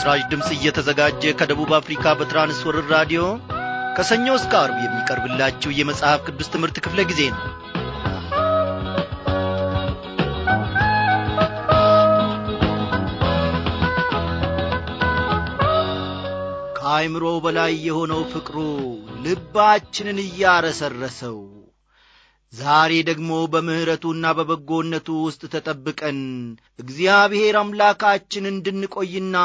ለምሥራች ድምፅ እየተዘጋጀ ከደቡብ አፍሪካ በትራንስወርር ራዲዮ ከሰኞ እስከ አርብ የሚቀርብላችሁ የመጽሐፍ ቅዱስ ትምህርት ክፍለ ጊዜ ነው። ከአእምሮ በላይ የሆነው ፍቅሩ ልባችንን እያረሰረሰው ዛሬ ደግሞ በምሕረቱና በበጎነቱ ውስጥ ተጠብቀን እግዚአብሔር አምላካችን እንድንቆይና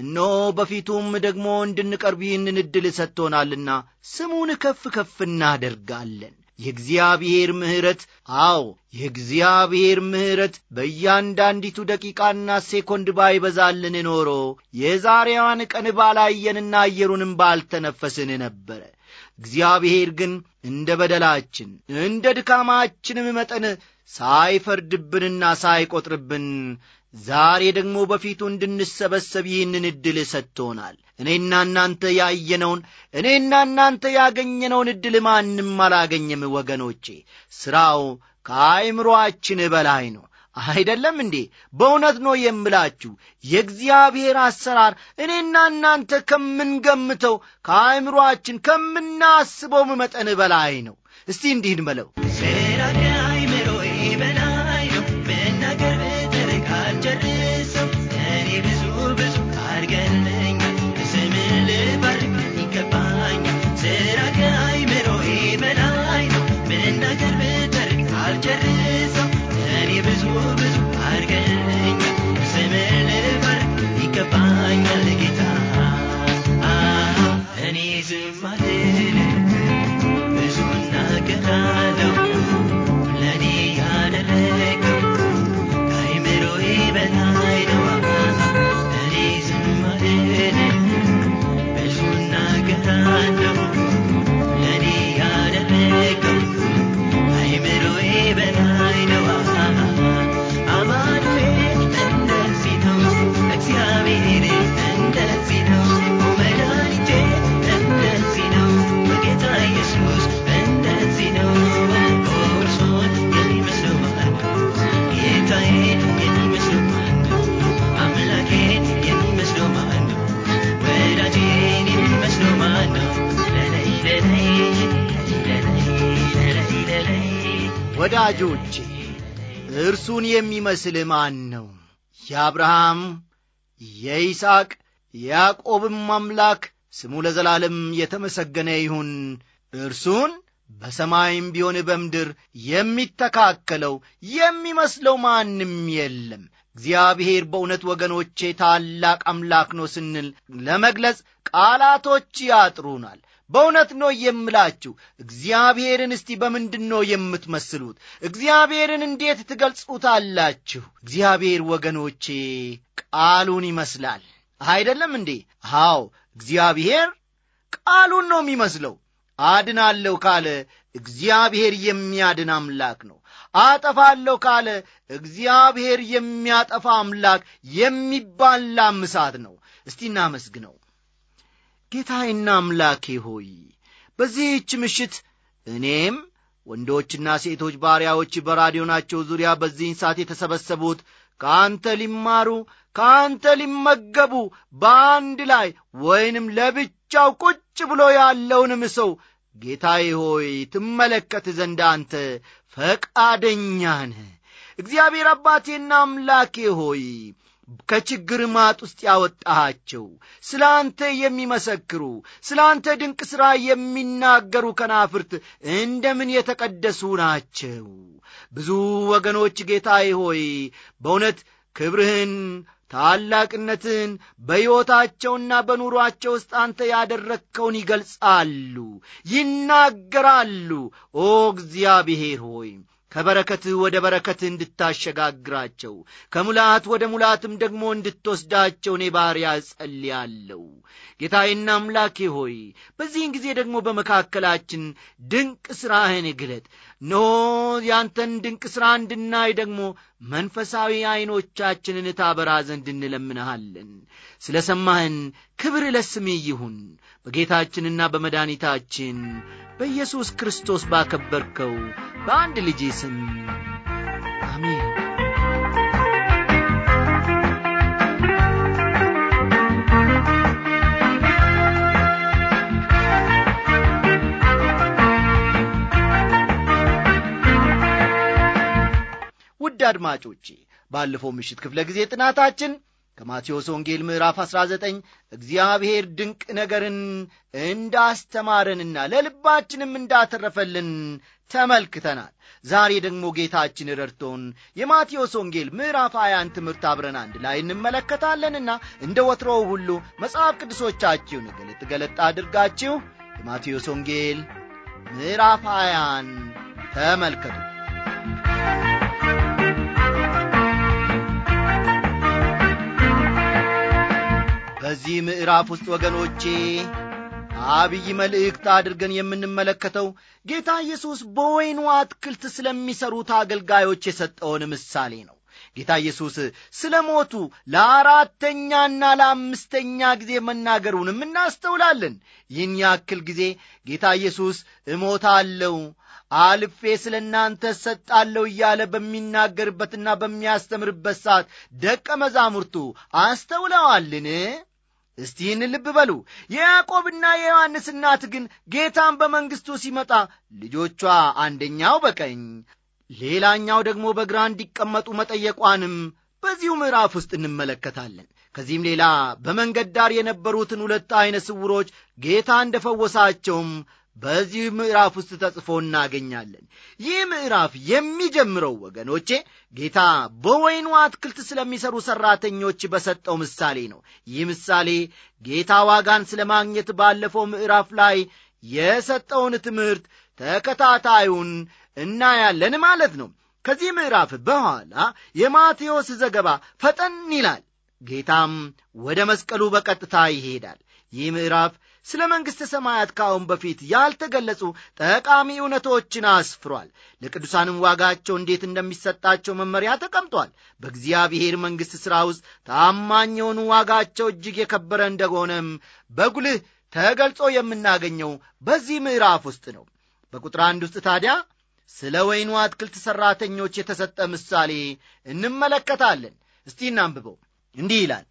እነሆ በፊቱም ደግሞ እንድንቀርብ ይህንን ዕድል ሰጥቶናልና ስሙን ከፍ ከፍ እናደርጋለን። የእግዚአብሔር ምሕረት አዎ፣ የእግዚአብሔር ምሕረት በእያንዳንዲቱ ደቂቃና ሴኮንድ ባይበዛልን ኖሮ የዛሬዋን ቀን ባላየንና አየሩንም ባልተነፈስን ነበረ። እግዚአብሔር ግን እንደ በደላችን እንደ ድካማችንም መጠን ሳይፈርድብንና ሳይቈጥርብን ዛሬ ደግሞ በፊቱ እንድንሰበሰብ ይህንን ዕድል ሰጥቶናል። እኔና እናንተ ያየነውን እኔና እናንተ ያገኘነውን ዕድል ማንም አላገኘም። ወገኖቼ ሥራው ከአይምሮአችን በላይ ነው። አይደለም እንዴ? በእውነት ነው የምላችሁ የእግዚአብሔር አሰራር እኔና እናንተ ከምንገምተው ከአእምሮአችን ከምናስበውም መጠን በላይ ነው። እስቲ እንዲህ እንበለው ወዳጆቼ እርሱን የሚመስል ማን ነው? የአብርሃም የይስሐቅ የያዕቆብም አምላክ ስሙ ለዘላለም የተመሰገነ ይሁን። እርሱን በሰማይም ቢሆን በምድር የሚተካከለው የሚመስለው ማንም የለም። እግዚአብሔር በእውነት ወገኖቼ ታላቅ አምላክ ነው ስንል ለመግለጽ ቃላቶች ያጥሩናል። በእውነት ነው የምላችሁ እግዚአብሔርን እስቲ በምንድን ነው የምትመስሉት? እግዚአብሔርን እንዴት ትገልጹታላችሁ? እግዚአብሔር ወገኖቼ ቃሉን ይመስላል አይደለም እንዴ? አዎ እግዚአብሔር ቃሉን ነው የሚመስለው። አድናለሁ ካለ እግዚአብሔር የሚያድን አምላክ ነው። አጠፋለሁ ካለ እግዚአብሔር የሚያጠፋ አምላክ የሚባል ላም ነው። እስቲ እናመስግነው። ጌታዬና አምላኬ ሆይ በዚህች ምሽት እኔም ወንዶችና ሴቶች ባሪያዎች በራዲዮናቸው ዙሪያ በዚህን ሰዓት የተሰበሰቡት ከአንተ ሊማሩ ከአንተ ሊመገቡ በአንድ ላይ ወይንም ለብቻው ቁጭ ብሎ ያለውንም ሰው ጌታዬ ሆይ ትመለከት ዘንድ አንተ ፈቃደኛ ነህ። እግዚአብሔር አባቴና አምላኬ ሆይ ከችግር ማጥ ውስጥ ያወጣሃቸው፣ ስለ አንተ የሚመሰክሩ፣ ስለ አንተ ድንቅ ሥራ የሚናገሩ ከናፍርት እንደምን የተቀደሱ ናቸው። ብዙ ወገኖች ጌታዬ ሆይ በእውነት ክብርህን ታላቅነትን በሕይወታቸውና በኑሯቸው ውስጥ አንተ ያደረግከውን ይገልጻሉ፣ ይናገራሉ። ኦ እግዚአብሔር ሆይ ከበረከትህ ወደ በረከትህ እንድታሸጋግራቸው ከሙላት ወደ ሙላትም ደግሞ እንድትወስዳቸው እኔ ባሪያ እጸልያለሁ። ጌታዬና አምላኬ ሆይ በዚህን ጊዜ ደግሞ በመካከላችን ድንቅ ሥራህን ግለጥ። ኖ ያንተን ድንቅ ሥራ እንድናይ ደግሞ መንፈሳዊ ዐይኖቻችንን ታበራ ዘንድ እንለምንሃለን። ስለ ሰማህን ክብር ለስምህ ይሁን። በጌታችንና በመድኃኒታችን በኢየሱስ ክርስቶስ ባከበርከው በአንድ ልጅ ስም ውድ አድማጮቼ ባለፈው ምሽት ክፍለ ጊዜ ጥናታችን ከማቴዎስ ወንጌል ምዕራፍ 19 እግዚአብሔር ድንቅ ነገርን እንዳስተማረንና ለልባችንም እንዳተረፈልን ተመልክተናል። ዛሬ ደግሞ ጌታችን ረድቶን የማቴዎስ ወንጌል ምዕራፍ 21 ትምህርት አብረን አንድ ላይ እንመለከታለንና እንደ ወትሮው ሁሉ መጽሐፍ ቅዱሶቻችሁን ገለጥ ገለጥ አድርጋችሁ የማቴዎስ ወንጌል ምዕራፍ 21 ተመልከቱ። በዚህ ምዕራፍ ውስጥ ወገኖቼ አብይ መልእክት አድርገን የምንመለከተው ጌታ ኢየሱስ በወይኑ አትክልት ስለሚሠሩት አገልጋዮች የሰጠውን ምሳሌ ነው። ጌታ ኢየሱስ ስለ ሞቱ ለአራተኛና ለአምስተኛ ጊዜ መናገሩንም እናስተውላለን። ይህን ያክል ጊዜ ጌታ ኢየሱስ እሞታለሁ፣ አልፌ ስለ እናንተ ሰጣለሁ እያለ በሚናገርበትና በሚያስተምርበት ሰዓት ደቀ መዛሙርቱ አስተውለዋልን? እስቲ ይህን ልብ በሉ። የያዕቆብና የዮሐንስ እናት ግን ጌታን በመንግሥቱ ሲመጣ ልጆቿ አንደኛው በቀኝ ሌላኛው ደግሞ በግራ እንዲቀመጡ መጠየቋንም በዚሁ ምዕራፍ ውስጥ እንመለከታለን። ከዚህም ሌላ በመንገድ ዳር የነበሩትን ሁለት ዐይነ ስውሮች ጌታ እንደ ፈወሳቸውም በዚህ ምዕራፍ ውስጥ ተጽፎ እናገኛለን። ይህ ምዕራፍ የሚጀምረው ወገኖቼ ጌታ በወይኑ አትክልት ስለሚሰሩ ሠራተኞች በሰጠው ምሳሌ ነው። ይህ ምሳሌ ጌታ ዋጋን ስለ ማግኘት ባለፈው ምዕራፍ ላይ የሰጠውን ትምህርት ተከታታዩን እናያለን ማለት ነው። ከዚህ ምዕራፍ በኋላ የማቴዎስ ዘገባ ፈጠን ይላል። ጌታም ወደ መስቀሉ በቀጥታ ይሄዳል። ይህ ምዕራፍ ስለ መንግሥተ ሰማያት ከአሁን በፊት ያልተገለጹ ጠቃሚ እውነቶችን አስፍሯል። ለቅዱሳንም ዋጋቸው እንዴት እንደሚሰጣቸው መመሪያ ተቀምጧል። በእግዚአብሔር መንግሥት ሥራ ውስጥ ታማኝውን ዋጋቸው እጅግ የከበረ እንደሆነም በጉልህ ተገልጾ የምናገኘው በዚህ ምዕራፍ ውስጥ ነው። በቁጥር አንድ ውስጥ ታዲያ ስለ ወይኑ አትክልት ሠራተኞች የተሰጠ ምሳሌ እንመለከታለን። እስቲ እናንብበው። እንዲህ ይላል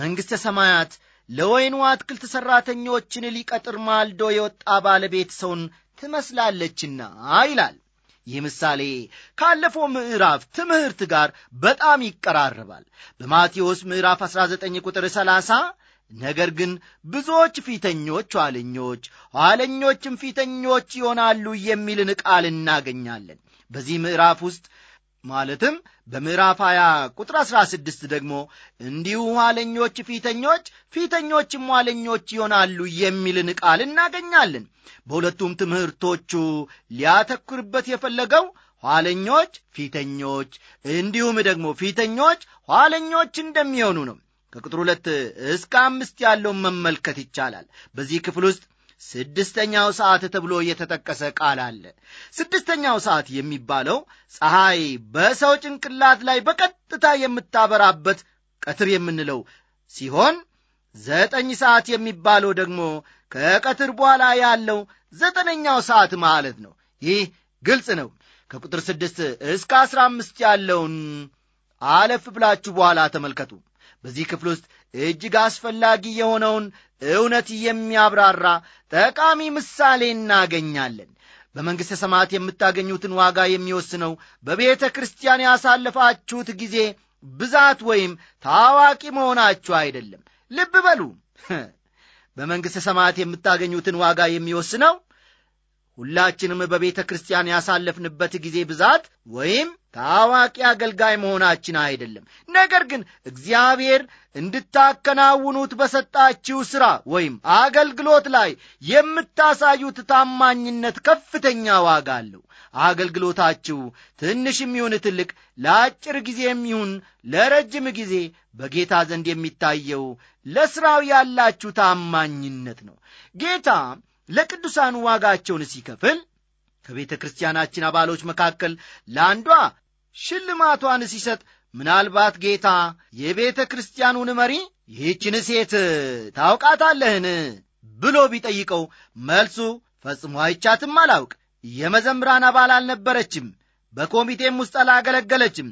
መንግሥተ ሰማያት ለወይኑ አትክልት ሠራተኞችን ሊቀጥር ማልዶ የወጣ ባለቤት ሰውን ትመስላለችና ይላል። ይህ ምሳሌ ካለፈው ምዕራፍ ትምህርት ጋር በጣም ይቀራረባል። በማቴዎስ ምዕራፍ 19 ቁጥር 30 ነገር ግን ብዙዎች ፊተኞች ኋለኞች፣ ኋለኞችም ፊተኞች ይሆናሉ የሚልን ቃል እናገኛለን። በዚህ ምዕራፍ ውስጥ ማለትም በምዕራፍ 20 ቁጥር 16 ደግሞ እንዲሁ ኋለኞች ፊተኞች፣ ፊተኞችም ኋለኞች ይሆናሉ የሚልን ቃል እናገኛለን። በሁለቱም ትምህርቶቹ ሊያተኩርበት የፈለገው ኋለኞች ፊተኞች፣ እንዲሁም ደግሞ ፊተኞች ኋለኞች እንደሚሆኑ ነው። ከቁጥር ሁለት እስከ አምስት ያለውን መመልከት ይቻላል። በዚህ ክፍል ውስጥ ስድስተኛው ሰዓት ተብሎ የተጠቀሰ ቃል አለ። ስድስተኛው ሰዓት የሚባለው ፀሐይ በሰው ጭንቅላት ላይ በቀጥታ የምታበራበት ቀትር የምንለው ሲሆን ዘጠኝ ሰዓት የሚባለው ደግሞ ከቀትር በኋላ ያለው ዘጠነኛው ሰዓት ማለት ነው። ይህ ግልጽ ነው። ከቁጥር ስድስት እስከ አስራ አምስት ያለውን አለፍ ብላችሁ በኋላ ተመልከቱ። በዚህ ክፍል ውስጥ እጅግ አስፈላጊ የሆነውን እውነት የሚያብራራ ጠቃሚ ምሳሌ እናገኛለን። በመንግሥተ ሰማያት የምታገኙትን ዋጋ የሚወስነው በቤተ ክርስቲያን ያሳለፋችሁት ጊዜ ብዛት ወይም ታዋቂ መሆናችሁ አይደለም። ልብ በሉ። በመንግሥተ ሰማያት የምታገኙትን ዋጋ የሚወስነው ሁላችንም በቤተ ክርስቲያን ያሳለፍንበት ጊዜ ብዛት ወይም ታዋቂ አገልጋይ መሆናችን አይደለም። ነገር ግን እግዚአብሔር እንድታከናውኑት በሰጣችው ሥራ ወይም አገልግሎት ላይ የምታሳዩት ታማኝነት ከፍተኛ ዋጋ አለው። አገልግሎታችሁ ትንሽ የሚሆን ትልቅ፣ ለአጭር ጊዜ የሚሆን ለረጅም ጊዜ በጌታ ዘንድ የሚታየው ለሥራው ያላችሁ ታማኝነት ነው። ጌታ ለቅዱሳኑ ዋጋቸውን ሲከፍል ከቤተ ክርስቲያናችን አባሎች መካከል ለአንዷ ሽልማቷን ሲሰጥ ምናልባት ጌታ የቤተ ክርስቲያኑን መሪ ይህችን ሴት ታውቃታለህን ብሎ ቢጠይቀው መልሱ ፈጽሞ አይቻትም አላውቅ የመዘምራን አባል አልነበረችም በኮሚቴም ውስጥ አላገለገለችም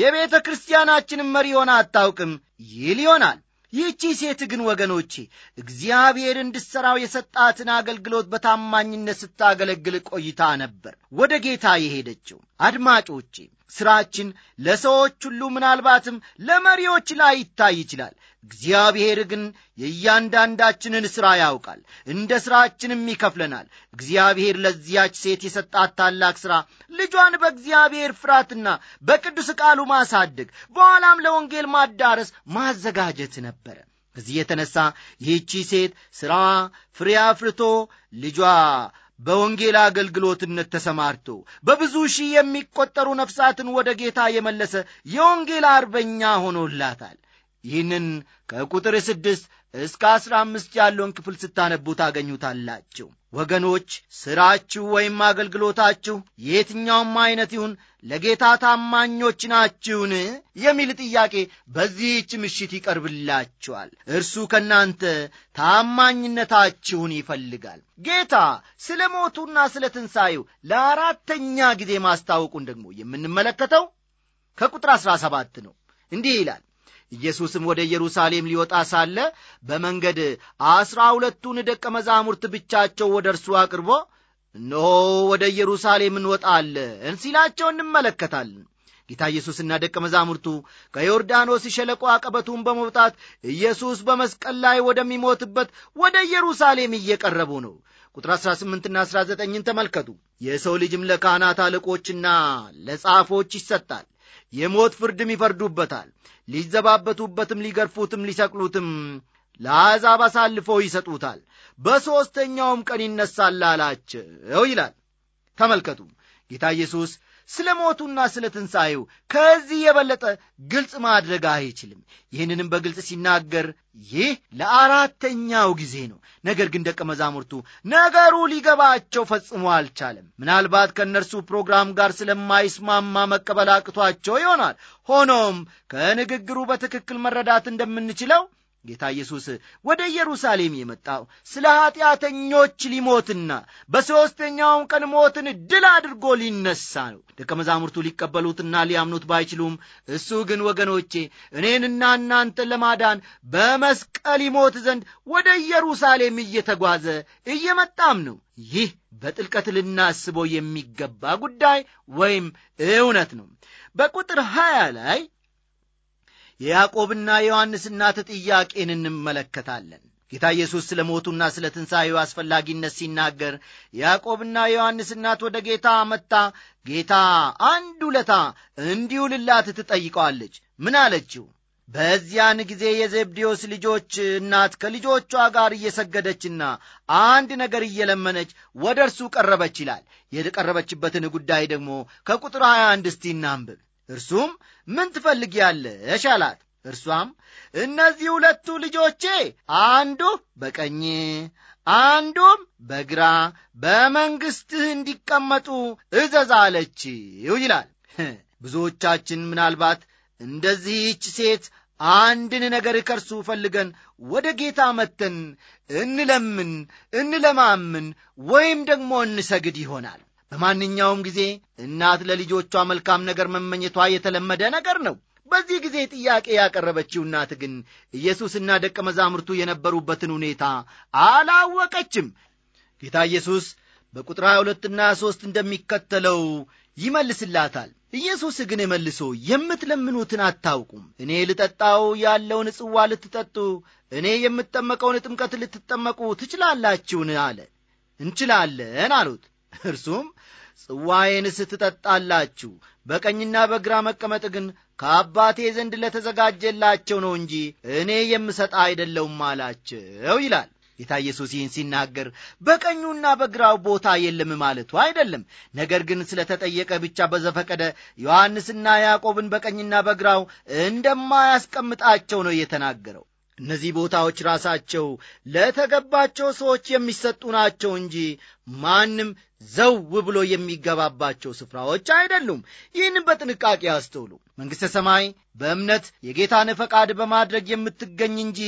የቤተ ክርስቲያናችንም መሪ ሆና አታውቅም ይል ይሆናል ይህቺ ሴት ግን ወገኖቼ እግዚአብሔር እንድሠራው የሰጣትን አገልግሎት በታማኝነት ስታገለግል ቆይታ ነበር ወደ ጌታ የሄደችው። አድማጮቼ ሥራችን ለሰዎች ሁሉ ምናልባትም ለመሪዎች ላይ ይታይ ይችላል። እግዚአብሔር ግን የእያንዳንዳችንን ሥራ ያውቃል፣ እንደ ሥራችንም ይከፍለናል። እግዚአብሔር ለዚያች ሴት የሰጣት ታላቅ ሥራ ልጇን በእግዚአብሔር ፍርሃትና በቅዱስ ቃሉ ማሳደግ፣ በኋላም ለወንጌል ማዳረስ ማዘጋጀት ነበረ። ከዚህ የተነሳ ይህቺ ሴት ሥራ ፍሬ አፍርቶ ልጇ በወንጌል አገልግሎትነት ተሰማርቶ በብዙ ሺህ የሚቆጠሩ ነፍሳትን ወደ ጌታ የመለሰ የወንጌል አርበኛ ሆኖላታል። ይህንን ከቁጥር ስድስት እስከ አሥራ አምስት ያለውን ክፍል ስታነቡ ታገኙታላችሁ። ወገኖች ሥራችሁ ወይም አገልግሎታችሁ የትኛውም ዐይነት ይሁን ለጌታ ታማኞች ናችሁን የሚል ጥያቄ በዚህች ምሽት ይቀርብላችኋል። እርሱ ከእናንተ ታማኝነታችሁን ይፈልጋል። ጌታ ስለ ሞቱና ስለ ትንሣኤው ለአራተኛ ጊዜ ማስታወቁን ደግሞ የምንመለከተው ከቁጥር አሥራ ሰባት ነው። እንዲህ ይላል ኢየሱስም ወደ ኢየሩሳሌም ሊወጣ ሳለ በመንገድ አሥራ ሁለቱን ደቀ መዛሙርት ብቻቸው ወደ እርሱ አቅርቦ እነሆ ወደ ኢየሩሳሌም እንወጣለን ሲላቸው እንመለከታለን። ጌታ ኢየሱስና ደቀ መዛሙርቱ ከዮርዳኖስ ሸለቆ አቀበቱን በመውጣት ኢየሱስ በመስቀል ላይ ወደሚሞትበት ወደ ኢየሩሳሌም እየቀረቡ ነው። ቁጥር 18ና 19ን ተመልከቱ። የሰው ልጅም ለካህናት አለቆችና ለጻፎች ይሰጣል፣ የሞት ፍርድም ይፈርዱበታል፣ ሊዘባበቱበትም፣ ሊገርፉትም፣ ሊሰቅሉትም ለአሕዛብ አሳልፈው ይሰጡታል፣ በሦስተኛውም ቀን ይነሳል አላቸው ይላል። ተመልከቱ ጌታ ኢየሱስ ስለ ሞቱና ስለ ትንሣኤው ከዚህ የበለጠ ግልጽ ማድረግ አይችልም። ይህንንም በግልጽ ሲናገር ይህ ለአራተኛው ጊዜ ነው። ነገር ግን ደቀ መዛሙርቱ ነገሩ ሊገባቸው ፈጽሞ አልቻለም። ምናልባት ከእነርሱ ፕሮግራም ጋር ስለማይስማማ መቀበል አቅቷቸው ይሆናል። ሆኖም ከንግግሩ በትክክል መረዳት እንደምንችለው ጌታ ኢየሱስ ወደ ኢየሩሳሌም የመጣው ስለ ኀጢአተኞች ሊሞትና በሦስተኛውም ቀን ሞትን ድል አድርጎ ሊነሳ ነው። ደቀ መዛሙርቱ ሊቀበሉትና ሊያምኑት ባይችሉም፣ እሱ ግን ወገኖቼ እኔንና እናንተን ለማዳን በመስቀል ይሞት ዘንድ ወደ ኢየሩሳሌም እየተጓዘ እየመጣም ነው። ይህ በጥልቀት ልናስበው የሚገባ ጉዳይ ወይም እውነት ነው። በቁጥር ሀያ ላይ የያዕቆብና የዮሐንስ እናት ጥያቄን እንመለከታለን። ጌታ ኢየሱስ ስለ ሞቱና ስለ ትንሣኤው አስፈላጊነት ሲናገር ያዕቆብና ዮሐንስ እናት ወደ ጌታ መጥታ ጌታ አንድ ውለታ እንዲውልላት ትጠይቀዋለች። ምን አለችው? በዚያን ጊዜ የዘብዴዎስ ልጆች እናት ከልጆቿ ጋር እየሰገደችና አንድ ነገር እየለመነች ወደ እርሱ ቀረበች ይላል። የቀረበችበትን ጉዳይ ደግሞ ከቁጥር 21 እስቲ እናንብብ። እርሱም ምን ትፈልጊያለሽ አላት። እርሷም እነዚህ ሁለቱ ልጆቼ አንዱ በቀኝ አንዱም በግራ በመንግሥትህ እንዲቀመጡ እዘዝ አለችው ይላል። ብዙዎቻችን ምናልባት እንደዚህች ሴት አንድን ነገር ከርሱ ፈልገን ወደ ጌታ መተን እንለምን፣ እንለማምን ወይም ደግሞ እንሰግድ ይሆናል። በማንኛውም ጊዜ እናት ለልጆቿ መልካም ነገር መመኘቷ የተለመደ ነገር ነው። በዚህ ጊዜ ጥያቄ ያቀረበችው እናት ግን ኢየሱስና ደቀ መዛሙርቱ የነበሩበትን ሁኔታ አላወቀችም። ጌታ ኢየሱስ በቁጥር 22ና 3 እንደሚከተለው ይመልስላታል። ኢየሱስ ግን መልሶ የምትለምኑትን አታውቁም። እኔ ልጠጣው ያለውን ጽዋ ልትጠጡ፣ እኔ የምጠመቀውን ጥምቀት ልትጠመቁ ትችላላችሁን? አለ። እንችላለን አሉት። እርሱም ጽዋዬን ስትጠጣላችሁ፣ በቀኝና በግራ መቀመጥ ግን ከአባቴ ዘንድ ለተዘጋጀላቸው ነው እንጂ እኔ የምሰጣ አይደለውም አላቸው ይላል። ጌታ ኢየሱስ ይህን ሲናገር በቀኙና በግራው ቦታ የለም ማለቱ አይደለም። ነገር ግን ስለተጠየቀ ብቻ በዘፈቀደ ዮሐንስና ያዕቆብን በቀኝና በግራው እንደማያስቀምጣቸው ነው የተናገረው። እነዚህ ቦታዎች ራሳቸው ለተገባቸው ሰዎች የሚሰጡ ናቸው እንጂ ማንም ዘው ብሎ የሚገባባቸው ስፍራዎች አይደሉም። ይህን በጥንቃቄ አስተውሉ። መንግሥተ ሰማይ በእምነት የጌታን ፈቃድ በማድረግ የምትገኝ እንጂ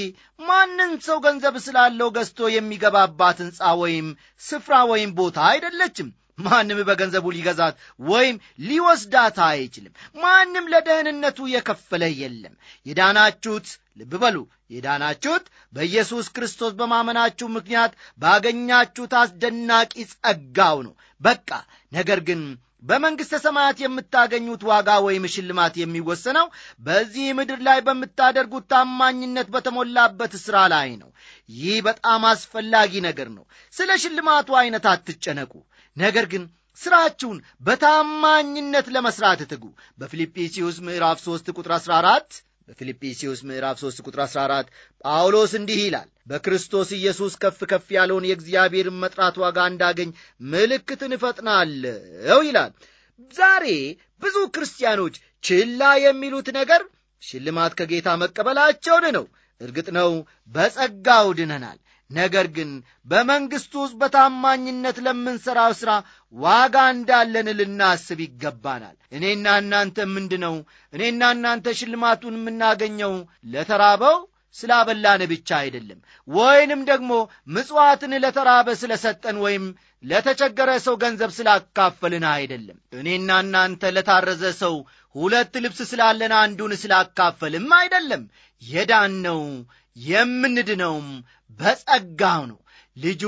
ማንም ሰው ገንዘብ ስላለው ገዝቶ የሚገባባት ሕንፃ ወይም ስፍራ ወይም ቦታ አይደለችም። ማንም በገንዘቡ ሊገዛት ወይም ሊወስዳት አይችልም። ማንም ለደህንነቱ የከፈለ የለም። የዳናችሁት ልብ በሉ የዳናችሁት በኢየሱስ ክርስቶስ በማመናችሁ ምክንያት ባገኛችሁት አስደናቂ ጸጋው ነው። በቃ ነገር ግን በመንግሥተ ሰማያት የምታገኙት ዋጋ ወይም ሽልማት የሚወሰነው በዚህ ምድር ላይ በምታደርጉት ታማኝነት በተሞላበት ሥራ ላይ ነው። ይህ በጣም አስፈላጊ ነገር ነው። ስለ ሽልማቱ ዐይነት አትጨነቁ። ነገር ግን ሥራችሁን በታማኝነት ለመሥራት ትጉ። በፊልጵስዩስ ምዕራፍ 3 ቁጥር 14 በፊልጵስዩስ ምዕራፍ 3 ቁጥር 14 ጳውሎስ እንዲህ ይላል በክርስቶስ ኢየሱስ ከፍ ከፍ ያለውን የእግዚአብሔርን መጥራት ዋጋ እንዳገኝ ምልክትን እፈጥናለው ይላል። ዛሬ ብዙ ክርስቲያኖች ችላ የሚሉት ነገር ሽልማት ከጌታ መቀበላቸውን ነው። እርግጥ ነው በጸጋው ድነናል። ነገር ግን በመንግሥቱ ውስጥ በታማኝነት ለምንሠራው ሥራ ዋጋ እንዳለን ልናስብ ይገባናል። እኔና እናንተ ምንድነው? እኔና እናንተ ሽልማቱን የምናገኘው ለተራበው ስላበላን ብቻ አይደለም፣ ወይንም ደግሞ ምጽዋትን ለተራበ ስለ ሰጠን ወይም ለተቸገረ ሰው ገንዘብ ስላካፈልን አይደለም። እኔና እናንተ ለታረዘ ሰው ሁለት ልብስ ስላለን አንዱን ስላካፈልም አይደለም። የዳነው የምንድነውም በጸጋው ነው። ልጁ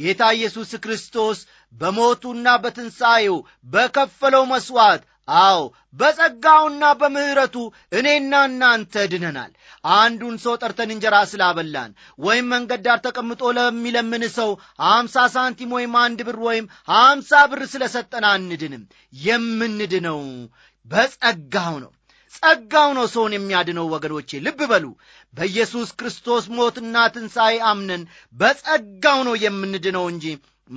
ጌታ ኢየሱስ ክርስቶስ በሞቱና በትንሣኤው በከፈለው መሥዋዕት አዎ በጸጋውና በምሕረቱ እኔና እናንተ ድነናል። አንዱን ሰው ጠርተን እንጀራ ስላበላን ወይም መንገድ ዳር ተቀምጦ ለሚለምን ሰው አምሳ ሳንቲም ወይም አንድ ብር ወይም አምሳ ብር ስለሰጠን አንድንም። የምንድነው በጸጋው ነው። ጸጋው ነው ሰውን የሚያድነው። ወገኖቼ ልብ በሉ። በኢየሱስ ክርስቶስ ሞትና ትንሣኤ አምነን በጸጋው ነው የምንድነው እንጂ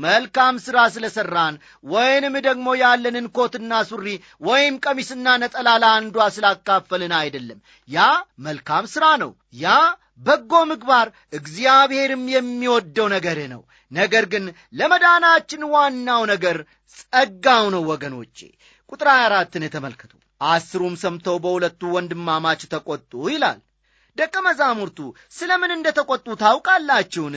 መልካም ሥራ ስለ ሠራን ወይንም ደግሞ ያለንን ኮትና ሱሪ ወይም ቀሚስና ነጠላ ለአንዷ ስላካፈልን አይደለም። ያ መልካም ሥራ ነው። ያ በጎ ምግባር እግዚአብሔርም የሚወደው ነገር ነው። ነገር ግን ለመዳናችን ዋናው ነገር ጸጋው ነው። ወገኖቼ ቁጥር 24ን ተመልከቱ። አስሩም ሰምተው በሁለቱ ወንድማማች ተቈጡ ይላል። ደቀ መዛሙርቱ ስለ ምን እንደ ተቈጡ ታውቃላችሁን?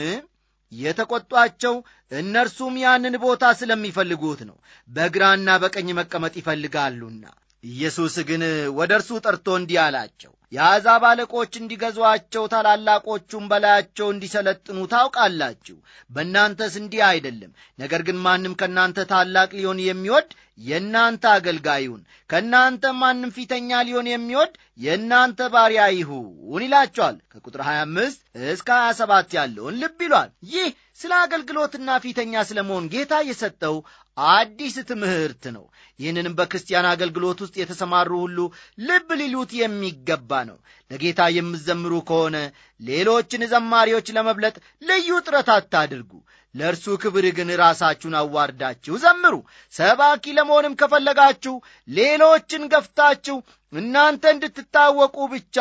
የተቈጧቸው እነርሱም ያንን ቦታ ስለሚፈልጉት ነው። በግራና በቀኝ መቀመጥ ይፈልጋሉና። ኢየሱስ ግን ወደ እርሱ ጠርቶ እንዲህ አላቸው፣ የአሕዛብ አለቆች እንዲገዟቸው ታላላቆቹም በላያቸው እንዲሰለጥኑ ታውቃላችሁ። በእናንተስ እንዲህ አይደለም። ነገር ግን ማንም ከእናንተ ታላቅ ሊሆን የሚወድ የእናንተ አገልጋይ ይሁን፣ ከእናንተ ማንም ፊተኛ ሊሆን የሚወድ የእናንተ ባሪያ ይሁን ይላቸዋል። ከቁጥር 25 እስከ 27 ያለውን ልብ ይሏል። ይህ ስለ አገልግሎትና ፊተኛ ስለ መሆን ጌታ የሰጠው አዲስ ትምህርት ነው። ይህንንም በክርስቲያን አገልግሎት ውስጥ የተሰማሩ ሁሉ ልብ ሊሉት የሚገባ ነው። ለጌታ የምዘምሩ ከሆነ ሌሎችን ዘማሪዎች ለመብለጥ ልዩ ጥረት አታድርጉ። ለእርሱ ክብር ግን ራሳችሁን አዋርዳችሁ ዘምሩ። ሰባኪ ለመሆንም ከፈለጋችሁ ሌሎችን ገፍታችሁ እናንተ እንድትታወቁ ብቻ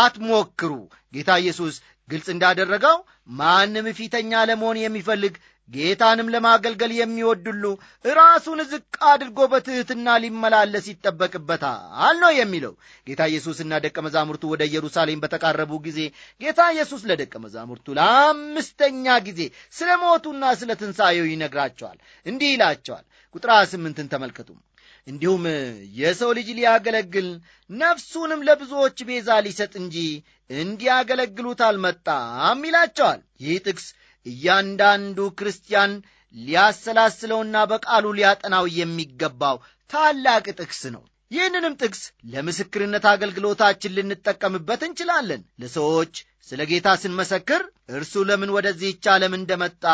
አትሞክሩ። ጌታ ኢየሱስ ግልጽ እንዳደረገው ማንም ፊተኛ ለመሆን የሚፈልግ ጌታንም ለማገልገል የሚወዱሉ ራሱን ዝቅ አድርጎ በትሕትና ሊመላለስ ይጠበቅበታል ነው የሚለው። ጌታ ኢየሱስና ደቀ መዛሙርቱ ወደ ኢየሩሳሌም በተቃረቡ ጊዜ ጌታ ኢየሱስ ለደቀ መዛሙርቱ ለአምስተኛ ጊዜ ስለ ሞቱና ስለ ትንሣኤው ይነግራቸዋል። እንዲህ ይላቸዋል። ቁጥራ ስምንትን ተመልከቱ። እንዲሁም የሰው ልጅ ሊያገለግል ነፍሱንም ለብዙዎች ቤዛ ሊሰጥ እንጂ እንዲያገለግሉት አልመጣም ይላቸዋል። ይህ ጥቅስ እያንዳንዱ ክርስቲያን ሊያሰላስለውና በቃሉ ሊያጠናው የሚገባው ታላቅ ጥቅስ ነው። ይህንንም ጥቅስ ለምስክርነት አገልግሎታችን ልንጠቀምበት እንችላለን። ለሰዎች ስለ ጌታ ስንመሰክር እርሱ ለምን ወደዚህች ዓለም እንደመጣ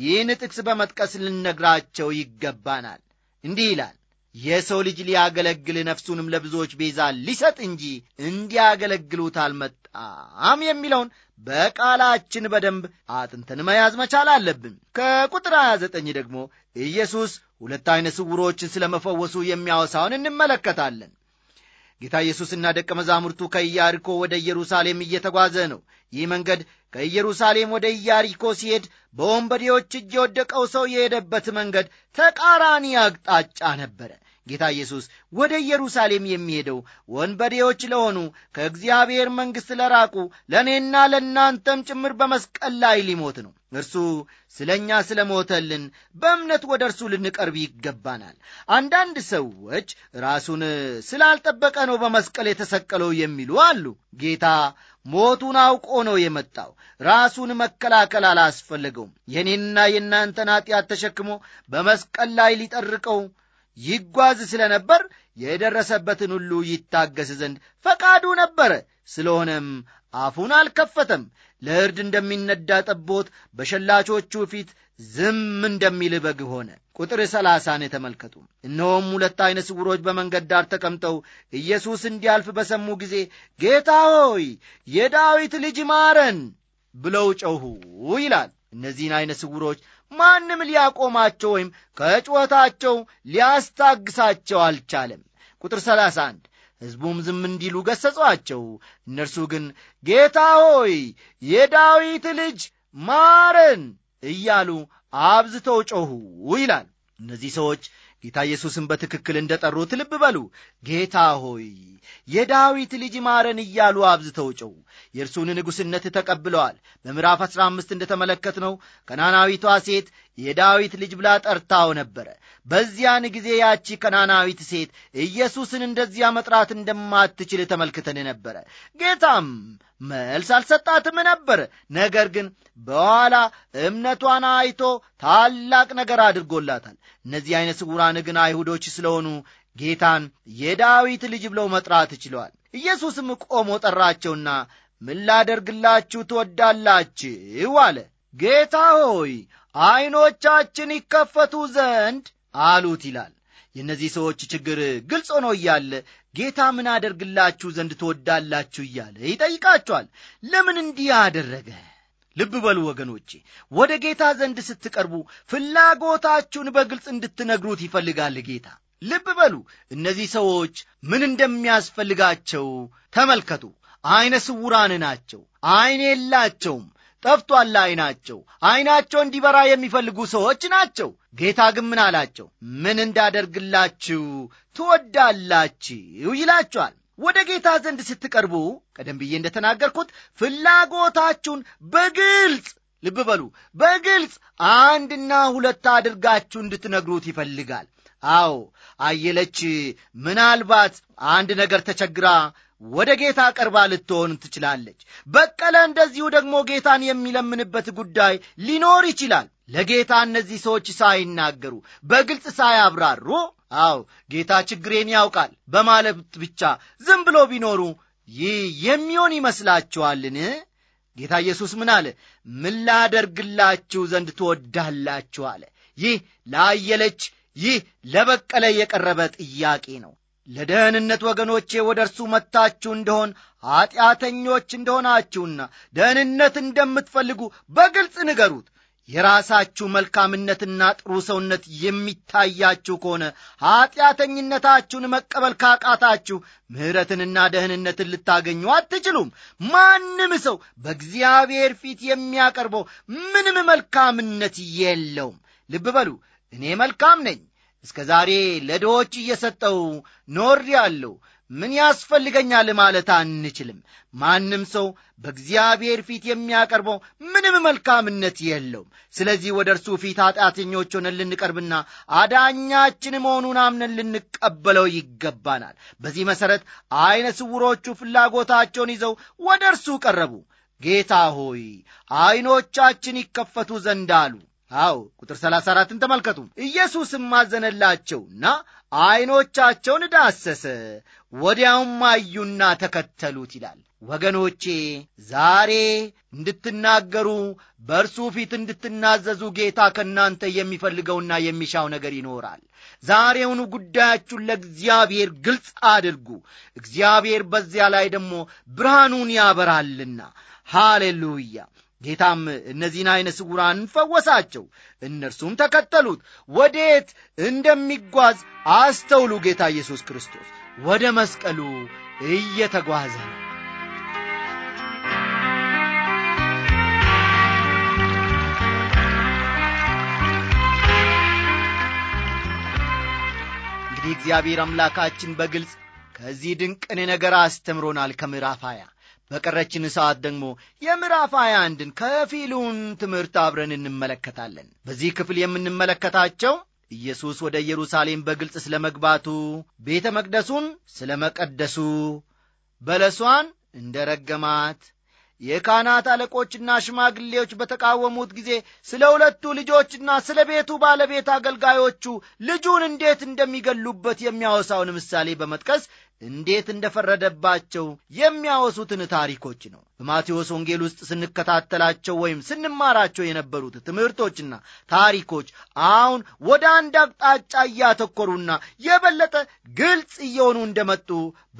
ይህን ጥቅስ በመጥቀስ ልንነግራቸው ይገባናል። እንዲህ ይላል የሰው ልጅ ሊያገለግል ነፍሱንም ለብዙዎች ቤዛ ሊሰጥ እንጂ እንዲያገለግሉት አልመጣ በጣም የሚለውን በቃላችን በደንብ አጥንተን መያዝ መቻል አለብን። ከቁጥር 29 ደግሞ ኢየሱስ ሁለት ዐይነ ስውሮችን ስለ መፈወሱ የሚያወሳውን እንመለከታለን። ጌታ ኢየሱስና ደቀ መዛሙርቱ ከኢያሪኮ ወደ ኢየሩሳሌም እየተጓዘ ነው። ይህ መንገድ ከኢየሩሳሌም ወደ ኢያሪኮ ሲሄድ በወንበዴዎች እጅ የወደቀው ሰው የሄደበት መንገድ ተቃራኒ አቅጣጫ ነበረ። ጌታ ኢየሱስ ወደ ኢየሩሳሌም የሚሄደው ወንበዴዎች ለሆኑ ከእግዚአብሔር መንግሥት ለራቁ ለእኔና ለእናንተም ጭምር በመስቀል ላይ ሊሞት ነው። እርሱ ስለ እኛ ስለ ሞተልን በእምነት ወደ እርሱ ልንቀርብ ይገባናል። አንዳንድ ሰዎች ራሱን ስላልጠበቀ ነው በመስቀል የተሰቀለው የሚሉ አሉ። ጌታ ሞቱን አውቆ ነው የመጣው። ራሱን መከላከል አላስፈለገውም። የእኔና የእናንተን ኃጢአት ተሸክሞ በመስቀል ላይ ሊጠርቀው ይጓዝ ስለ ነበር የደረሰበትን ሁሉ ይታገስ ዘንድ ፈቃዱ ነበረ። ስለሆነም አፉን አልከፈተም። ለእርድ እንደሚነዳ ጠቦት በሸላቾቹ ፊት ዝም እንደሚል በግ ሆነ። ቁጥር ሰላሳን የተመልከቱ። እነሆም ሁለት ዐይነ ስውሮች በመንገድ ዳር ተቀምጠው ኢየሱስ እንዲያልፍ በሰሙ ጊዜ ጌታ ሆይ የዳዊት ልጅ ማረን ብለው ጮኹ ይላል። እነዚህን ዐይነ ስውሮች ማንም ሊያቆማቸው ወይም ከጩኸታቸው ሊያስታግሳቸው አልቻለም። ቁጥር 31 ሕዝቡም ዝም እንዲሉ ገሠጿቸው። እነርሱ ግን ጌታ ሆይ የዳዊት ልጅ ማረን እያሉ አብዝተው ጮኹ ይላል። እነዚህ ሰዎች ጌታ ኢየሱስን በትክክል እንደ ጠሩት ልብ በሉ። ጌታ ሆይ የዳዊት ልጅ ማረን እያሉ አብዝተው ጨው የእርሱን ንጉሥነት ተቀብለዋል። በምዕራፍ 15 ነው ከናናዊቷ ሴት የዳዊት ልጅ ብላ ጠርታው ነበረ። በዚያን ጊዜ ያቺ ከናናዊት ሴት ኢየሱስን እንደዚያ መጥራት እንደማትችል ተመልክተን ነበረ። ጌታም መልስ አልሰጣትም ነበር። ነገር ግን በኋላ እምነቷን አይቶ ታላቅ ነገር አድርጎላታል። እነዚህ ዐይነ ስውራን ግን አይሁዶች ስለሆኑ ጌታን የዳዊት ልጅ ብለው መጥራት ችለዋል። ኢየሱስም ቆሞ ጠራቸውና ምን ላደርግላችሁ ትወዳላችሁ? አለ። ጌታ ሆይ ዐይኖቻችን ይከፈቱ ዘንድ አሉት ይላል። የእነዚህ ሰዎች ችግር ግልጽ ሆኖ እያለ ጌታ ምን አደርግላችሁ ዘንድ ትወዳላችሁ እያለ ይጠይቃችኋል። ለምን እንዲህ አደረገ? ልብ በሉ ወገኖቼ፣ ወደ ጌታ ዘንድ ስትቀርቡ ፍላጎታችሁን በግልጽ እንድትነግሩት ይፈልጋል ጌታ። ልብ በሉ እነዚህ ሰዎች ምን እንደሚያስፈልጋቸው ተመልከቱ። ዐይነ ስውራን ናቸው። ዐይን የላቸውም። ጠፍቶአል ዐይናቸው። ዐይናቸው እንዲበራ የሚፈልጉ ሰዎች ናቸው። ጌታ ግን ምን አላቸው? ምን እንዳደርግላችሁ ትወዳላችሁ ይላችኋል። ወደ ጌታ ዘንድ ስትቀርቡ ቀደም ብዬ እንደተናገርኩት ፍላጎታችሁን በግልጽ ልብ በሉ፣ በግልጽ አንድና ሁለት አድርጋችሁ እንድትነግሩት ይፈልጋል። አዎ አየለች ምናልባት አንድ ነገር ተቸግራ ወደ ጌታ ቀርባ ልትሆን ትችላለች። በቀለ እንደዚሁ ደግሞ ጌታን የሚለምንበት ጉዳይ ሊኖር ይችላል። ለጌታ እነዚህ ሰዎች ሳይናገሩ በግልጽ ሳያብራሩ አዎ ጌታ ችግሬን ያውቃል በማለት ብቻ ዝም ብሎ ቢኖሩ ይህ የሚሆን ይመስላችኋልን? ጌታ ኢየሱስ ምን አለ? ምን ላደርግላችሁ ዘንድ ትወዳላችሁ አለ። ይህ ላየለች ይህ ለበቀለ የቀረበ ጥያቄ ነው። ለደህንነት ወገኖቼ ወደ እርሱ መጥታችሁ እንደሆን ኀጢአተኞች እንደሆናችሁና ደህንነት እንደምትፈልጉ በግልጽ ንገሩት። የራሳችሁ መልካምነትና ጥሩ ሰውነት የሚታያችሁ ከሆነ ኀጢአተኝነታችሁን መቀበል ካቃታችሁ ምሕረትንና ደህንነትን ልታገኙ አትችሉም። ማንም ሰው በእግዚአብሔር ፊት የሚያቀርበው ምንም መልካምነት የለውም። ልብ በሉ፣ እኔ መልካም ነኝ እስከ ዛሬ ለድሆች እየሰጠው ኖር ያለው ምን ያስፈልገኛል ማለት አንችልም። ማንም ሰው በእግዚአብሔር ፊት የሚያቀርበው ምንም መልካምነት የለውም። ስለዚህ ወደ እርሱ ፊት ኃጢአተኞች ሆነን ልንቀርብና አዳኛችን መሆኑን አምነን ልንቀበለው ይገባናል። በዚህ መሠረት ዐይነ ስውሮቹ ፍላጎታቸውን ይዘው ወደ እርሱ ቀረቡ። ጌታ ሆይ ዐይኖቻችን ይከፈቱ ዘንድ አሉ። አው ቁጥር 34ን ተመልከቱ። ኢየሱስም አዘነላቸውና ዐይኖቻቸውን ዳሰሰ፣ ወዲያውም አዩና ተከተሉት ይላል። ወገኖቼ ዛሬ እንድትናገሩ በእርሱ ፊት እንድትናዘዙ ጌታ ከእናንተ የሚፈልገውና የሚሻው ነገር ይኖራል። ዛሬውኑ ጉዳያችሁን ለእግዚአብሔር ግልጽ አድርጉ። እግዚአብሔር በዚያ ላይ ደግሞ ብርሃኑን ያበራልና። ሃሌሉያ ጌታም እነዚህን አይነ ስውራን ፈወሳቸው፣ እነርሱም ተከተሉት። ወዴት እንደሚጓዝ አስተውሉ። ጌታ ኢየሱስ ክርስቶስ ወደ መስቀሉ እየተጓዘ ነው። እንግዲህ እግዚአብሔር አምላካችን በግልጽ ከዚህ ድንቅን ነገር አስተምሮናል። ከምዕራፍ 20 በቀረችን ሰዓት ደግሞ የምዕራፍ 21ን ከፊሉን ትምህርት አብረን እንመለከታለን። በዚህ ክፍል የምንመለከታቸው ኢየሱስ ወደ ኢየሩሳሌም በግልጽ ስለ መግባቱ፣ ቤተ መቅደሱን ስለ መቀደሱ፣ በለሷን እንደ ረገማት፣ የካህናት አለቆችና ሽማግሌዎች በተቃወሙት ጊዜ ስለ ሁለቱ ልጆችና ስለ ቤቱ ባለቤት አገልጋዮቹ ልጁን እንዴት እንደሚገሉበት የሚያወሳውን ምሳሌ በመጥቀስ እንዴት እንደፈረደባቸው የሚያወሱትን ታሪኮች ነው። በማቴዎስ ወንጌል ውስጥ ስንከታተላቸው ወይም ስንማራቸው የነበሩት ትምህርቶችና ታሪኮች አሁን ወደ አንድ አቅጣጫ እያተኮሩና የበለጠ ግልጽ እየሆኑ እንደመጡ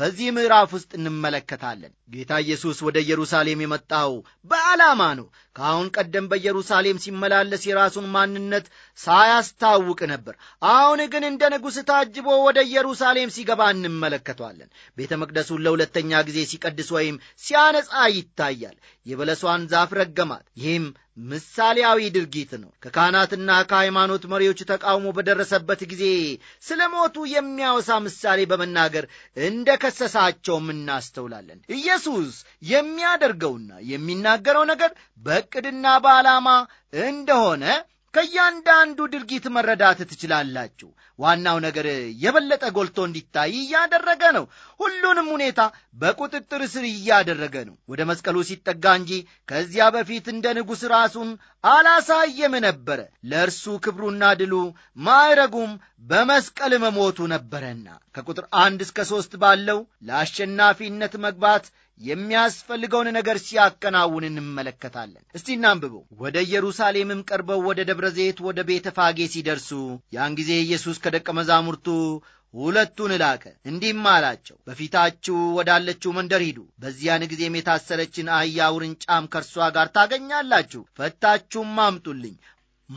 በዚህ ምዕራፍ ውስጥ እንመለከታለን። ጌታ ኢየሱስ ወደ ኢየሩሳሌም የመጣው በዓላማ ነው። ከአሁን ቀደም በኢየሩሳሌም ሲመላለስ የራሱን ማንነት ሳያስታውቅ ነበር። አሁን ግን እንደ ንጉሥ ታጅቦ ወደ ኢየሩሳሌም ሲገባ እንመለከቷለን። ቤተ መቅደሱን ለሁለተኛ ጊዜ ሲቀድስ ወይም ሲያነጻ ይታያል። የበለሷን ዛፍ ረገማት። ይህም ምሳሌያዊ ድርጊት ነው። ከካህናትና ከሃይማኖት መሪዎች ተቃውሞ በደረሰበት ጊዜ ስለ ሞቱ የሚያወሳ ምሳሌ በመናገር እንደ ከሰሳቸውም እናስተውላለን። ኢየሱስ የሚያደርገውና የሚናገረው ነገር በዕቅድና በዓላማ እንደሆነ ከእያንዳንዱ ድርጊት መረዳት ትችላላችሁ። ዋናው ነገር የበለጠ ጎልቶ እንዲታይ እያደረገ ነው። ሁሉንም ሁኔታ በቁጥጥር ስር እያደረገ ነው። ወደ መስቀሉ ሲጠጋ እንጂ ከዚያ በፊት እንደ ንጉሥ ራሱን አላሳየም ነበረ። ለእርሱ ክብሩና ድሉ ማዕረጉም በመስቀል መሞቱ ነበረና ከቁጥር አንድ እስከ ሦስት ባለው ለአሸናፊነት መግባት የሚያስፈልገውን ነገር ሲያከናውን እንመለከታለን። እስቲ እናንብበው። ወደ ኢየሩሳሌምም ቀርበው ወደ ደብረ ዘይት ወደ ቤተ ፋጌ ሲደርሱ ያን ጊዜ ኢየሱስ ከደቀ መዛሙርቱ ሁለቱን ላከ፣ እንዲህም አላቸው፣ በፊታችሁ ወዳለችው መንደር ሂዱ። በዚያን ጊዜም የታሰረችን አህያ ውርንጫም ከእርሷ ጋር ታገኛላችሁ፣ ፈታችሁም አምጡልኝ።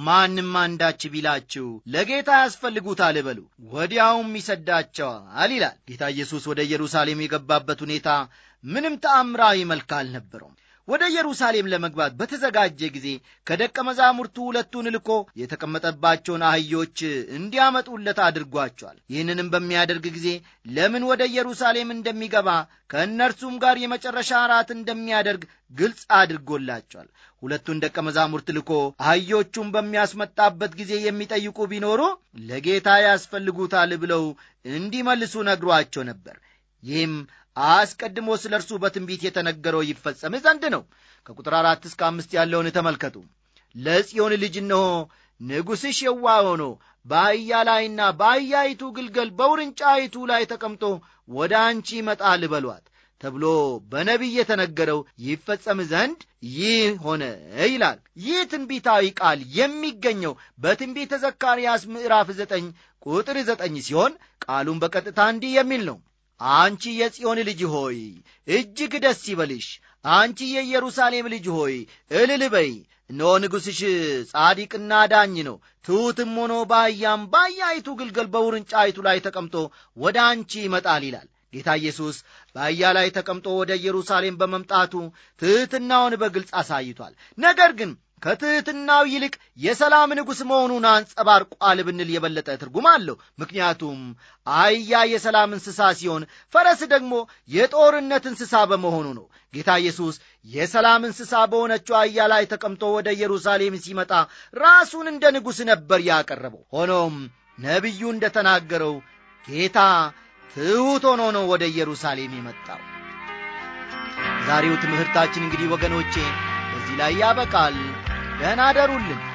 ማንም አንዳች ቢላችሁ ለጌታ ያስፈልጉታል በሉ፣ ወዲያውም ይሰዳቸዋል ይላል። ጌታ ኢየሱስ ወደ ኢየሩሳሌም የገባበት ሁኔታ ምንም ተአምራዊ መልክ አልነበረውም። ወደ ኢየሩሳሌም ለመግባት በተዘጋጀ ጊዜ ከደቀ መዛሙርቱ ሁለቱን ልኮ የተቀመጠባቸውን አህዮች እንዲያመጡለት አድርጓቸዋል። ይህንንም በሚያደርግ ጊዜ ለምን ወደ ኢየሩሳሌም እንደሚገባ ከእነርሱም ጋር የመጨረሻ አራት እንደሚያደርግ ግልጽ አድርጎላቸዋል። ሁለቱን ደቀ መዛሙርት ልኮ አህዮቹን በሚያስመጣበት ጊዜ የሚጠይቁ ቢኖሩ ለጌታ ያስፈልጉታል ብለው እንዲመልሱ ነግሯቸው ነበር። ይህም አስቀድሞ ስለ እርሱ በትንቢት የተነገረው ይፈጸም ዘንድ ነው። ከቁጥር አራት እስከ አምስት ያለውን ተመልከቱ። ለጽዮን ልጅ እነሆ ንጉሥሽ የዋ ሆኖ በአህያ ላይና በአህያይቱ ግልገል በውርንጫይቱ ላይ ተቀምጦ ወደ አንቺ ይመጣል በሏት ተብሎ በነቢይ የተነገረው ይፈጸም ዘንድ ይህ ሆነ ይላል። ይህ ትንቢታዊ ቃል የሚገኘው በትንቢተ ዘካርያስ ምዕራፍ ዘጠኝ ቁጥር ዘጠኝ ሲሆን ቃሉን በቀጥታ እንዲህ የሚል ነው አንቺ የጽዮን ልጅ ሆይ እጅግ ደስ ይበልሽ፣ አንቺ የኢየሩሳሌም ልጅ ሆይ እልል በይ። እነሆ ንጉሥሽ ጻዲቅና ዳኝ ነው፣ ትሑትም ሆኖ ባያም ባያይቱ ግልገል በውርንጫይቱ ላይ ተቀምጦ ወደ አንቺ ይመጣል ይላል ጌታ ኢየሱስ። በአህያ ላይ ተቀምጦ ወደ ኢየሩሳሌም በመምጣቱ ትሕትናውን በግልጽ አሳይቷል። ነገር ግን ከትሕትናው ይልቅ የሰላም ንጉሥ መሆኑን አንጸባርቋል ብንል የበለጠ ትርጉም አለው። ምክንያቱም አህያ የሰላም እንስሳ ሲሆን ፈረስ ደግሞ የጦርነት እንስሳ በመሆኑ ነው። ጌታ ኢየሱስ የሰላም እንስሳ በሆነችው አህያ ላይ ተቀምጦ ወደ ኢየሩሳሌም ሲመጣ ራሱን እንደ ንጉሥ ነበር ያቀረበው። ሆኖም ነቢዩ እንደ ተናገረው ጌታ ትሑት ሆኖ ነው ወደ ኢየሩሳሌም የመጣው። ዛሬው ትምህርታችን እንግዲህ ወገኖቼ በዚህ ላይ ያበቃል። ደህና አደሩልን